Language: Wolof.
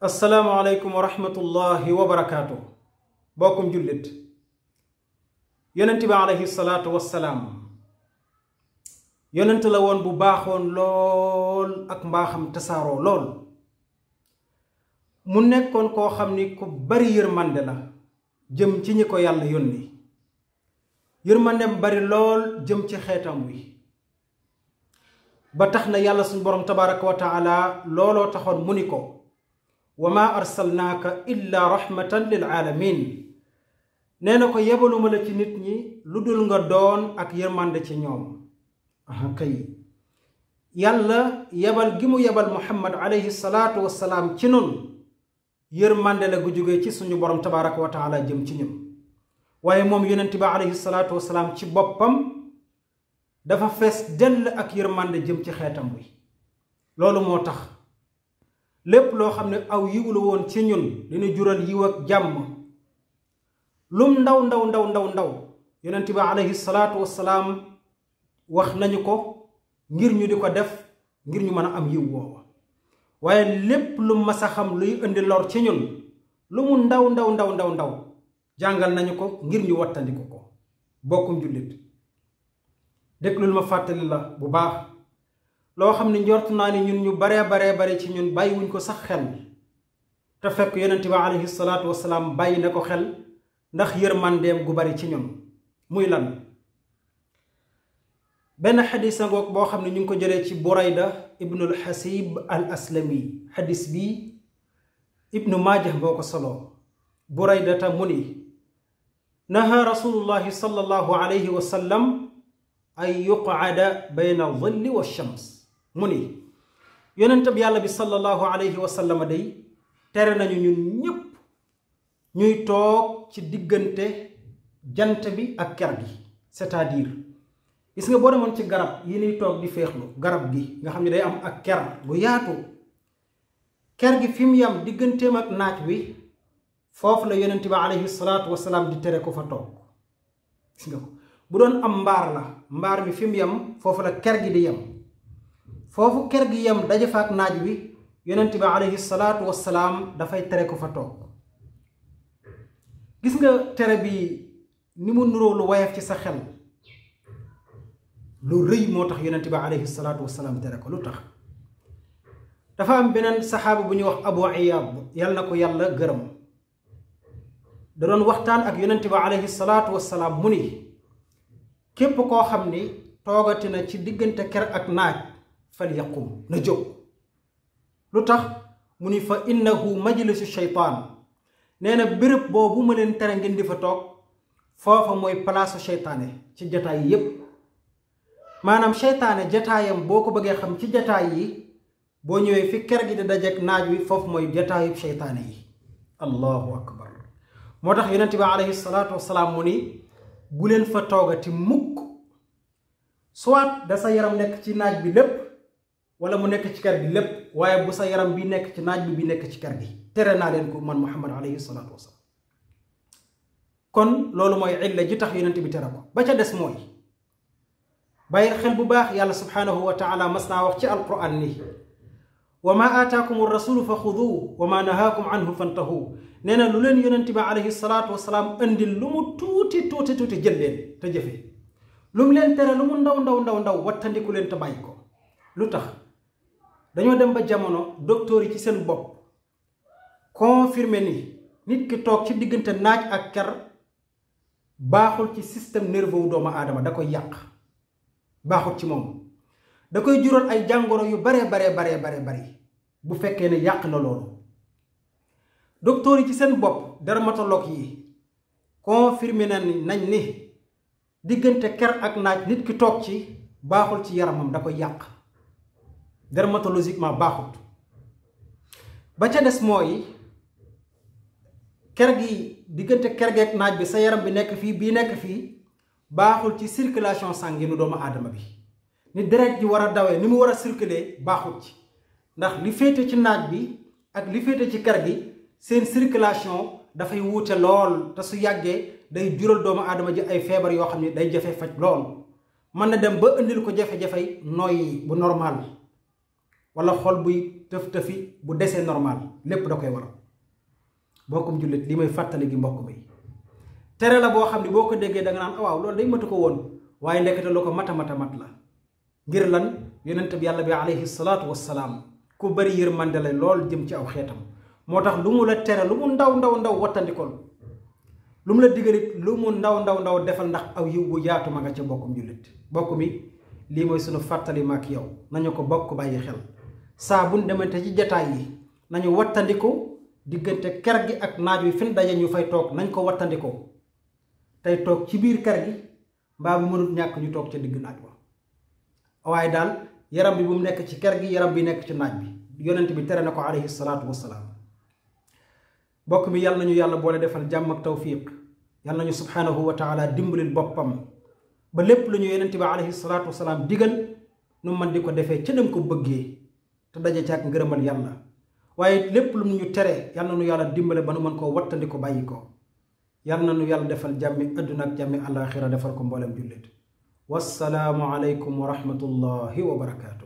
asalaamaaleykum wa rahmatullahi wa barakaatu bokkum jullit yonent bi aleyhi salaatu wassalaam yonent la woon bu baaxoon lool ak mbaaxam tasaaroo lool mu nekkoon koo xam ni ku bari yërmande la jëm ci ñi ko yàlla yónni mu bari lool jëm ci xeetam wi ba tax na yàlla suñu boroom tabaaraka wa taala looloo taxoon mu ni ko wa maa arsalnaaka illa rahmatan lil aalamin nee na ko yebaluma la ci nit ñi lu dul nga doon ak yërmande ci ñoom aha kay yàlla yebal gi mu yebal muhammad alayhi salaatu wasalaam ci nun yërmande la gu jóge ci suñu borom tabaaraka wa jëm ci ñun waaye moom yonent ba alayhi salaatu wasalaam ci boppam dafa fees dell ak yërmande jëm ci xeetam wi loolu moo tax lépp loo xam ne aw yiw la woon ci ñun dina jural yiw ak jàmm lum ndaw ndaw ndaw ndaw ndaw yonent bi aleyhi salaatu wasalaam wax nañu ko ngir ñu di ko def ngir ñu mën a am yiw woowa waaye lépp lu mas a xam luy indi lor ci ñun lu mu ndaw ndaw ndaw ndaw ndaw jàngal nañu ko ngir ñu wattandiku ko bokkum jullit déglul ma fàttali la bu baax loo xam ne njort naa ni ñun ñu baree baree bare ci ñun bàyyiwuñ ko sax xel te fekk yonent ba alayhi salaatu wasalaam bàyyi na ko xel ndax yërmandeem gu bari ci ñun muy lan benn xadis ngoog boo xam ne ñu ngi ko jëlee ci burayda ibnul xasib al aslami xadis bi ibnu maajah boo ko solo buraydata mu ni naha rasulullahi sallallahu alayhi wa sallam ay yuqcada bayna dilli wa shams mu ni bi yàlla bi sallallahu alayhi wa sallam day tere nañu ñun ñépp ñuy toog ci diggante jant bi ak ker gi cest gis nga boo demoon ci garab yi ñuy toog di féexlu garab gi nga xam ni day am ak ker bu yaatu ker gi fi mu yam digganteem ak naaj wi foofu la yonent bi alayhi salaatu wasalaam di tere ko fa toog gis nga ko bu doon am mbaar la mbaar mi fi mu yam foofu la ker gi di yam foofu kër gi yem daje fa ak naaj wi yonent bi aleyhi salaatu wasalaam dafay tere ko fa toog gis nga tere bi ni mu nuroo lu woyof ci sa xel lu rëy moo tax yonent bi aleyhi salaatu wasalaam tere ko lu tax dafa am beneen saxaaba bu ñuy wax abu iyaab yàlla ko yàlla gërëm da doon waxtaan ak yonent bi aleyhi salaatu wasalaam mu ni képp koo xam ni toogati na ci diggante ker ak naaj fal yaqum na jóg lu tax mu ni fa innahu majlisu shaytaan nee na bërëb boobu ma leen tere ngeen di fa toog foofa mooy palaasu seytaane ci jataay yi yépp maanaam seytaane jataayam boo ko bëggee xam ci jataay yi boo ñëwee fi ker gi di dajeek naaj wi foofu mooy jataayub seytaane yi allahu akbar moo tax yonent bi aleyhi salaatu wasalaam mu ni bu leen fa toogati mukk soit da sa yaram nekk ci naaj bi lépp wala mu nekk ci kër gi lépp waaye bu sa yaram bi nekk ci naaj bi bi nekk ci kër gi tere naa leen ko man muhammad alayhi salaatu wasalaam kon loolu mooy illa ji tax yonent bi tere ko ba ca des mooy bàyyi xel bu baax yàlla subhaanahu wa taala mas naa wax ci alquran nii wa maa aataakum rasulu fa xuduhu wa maa nahaakum anhu fantahu nee na lu leen yonent bi alayhi salaatu salaam andil lu mu tuuti tuuti tuuti jël leen te jëfee lu mu leen tere lu mu ndaw ndaw ndaw ndaw wattandiku leen te ko lu tax dañoo dem ba jamono docteur yi ci seen bopp confirmé ni nit ki toog ci diggante naaj ak ker baaxul ci système nerveux wu doomu aadama da koy yàq baaxul ci moom da koy jural ay jàngoro yu baree baree baree baree bari bu fekkee ne yàq na loolu docteur yi ci seen bopp dermatologue yi confirmé na ni nañ ni diggante ker ak naaj nit ki toog ci baaxul ci yaramam da koy yàq dermatologiquement baaxut ba ca des mooy ker gi diggante ker geeg naaj bi sa yaram bi nekk fii bii nekk fii baaxul ci circulation sanguine doomu aadama bi ni deret ji war a dawee ni mu war a circuler baaxut ci ndax li féete ci naaj bi ak li féete ci ker gi seen circulation dafay wuute lool te su yàggee day jural doomu aadama ji ay feebar yoo xam ne day jafe faj lool mën na dem ba indil ko jafe-jafey nooy bu normal wala xol buy tëf-tëfi bu desee normal lépp da koy waral bokkum jullit li may fàttali gi mbokk mi tere la boo xam ne boo ko déggee da nga naan awaaw loolu day matu ko woon waaye ndekete lu ko mata mata mat la ngir lan yonent bi yàlla bi alayhi salaatu wassalaam ku bari yërmande la lool jëm ci aw xeetam moo tax lu mu la tere lu mu ndaw ndaw ndaw wattandikol lu mu la digalit lu mu ndaw ndaw ndaw defal ndax aw yiw bu yaatu ma nga ca bokkum jullit bokk mi lii mooy sunu fàttali ma yow nañu ko bokk bàyyi xel saa bu demante ci jataay yi nañu wattandiku diggante ker gi ak naaj wi fin daje ñu fay toog nañ ko wattandikoo tey toog ci biir ker gi mbaa bu mënut ñàkk ñu toog ca digg naaj wa waaye daal yaram bi bu mu nekk ci ker gi yaram bi nekk ci naaj bi yonent bi tere na ko alayhi salaatu wassalaam bokk mi yàlla nañu yàlla boole defal jàmm ak tawfiq yàlla nañu subhaanahu wa taala dimbalil boppam ba lépp lu ñu yonent bi alayhi salaatu wassalaam digal nu man di ko defee ca dem ko bëggee te daje ca ak ngërëmal yàlla waaye lépp lu ñu tere yàlla na nu yàlla dimbale ba nu mën koo wattandi ko bàyyi ko yàlla na nu yàlla defal jàmmi adduna ak jàmmi àllaaxira defal ko mboolem jullit wassalaamu aleykum wa rahmatullahi wa barakaatu.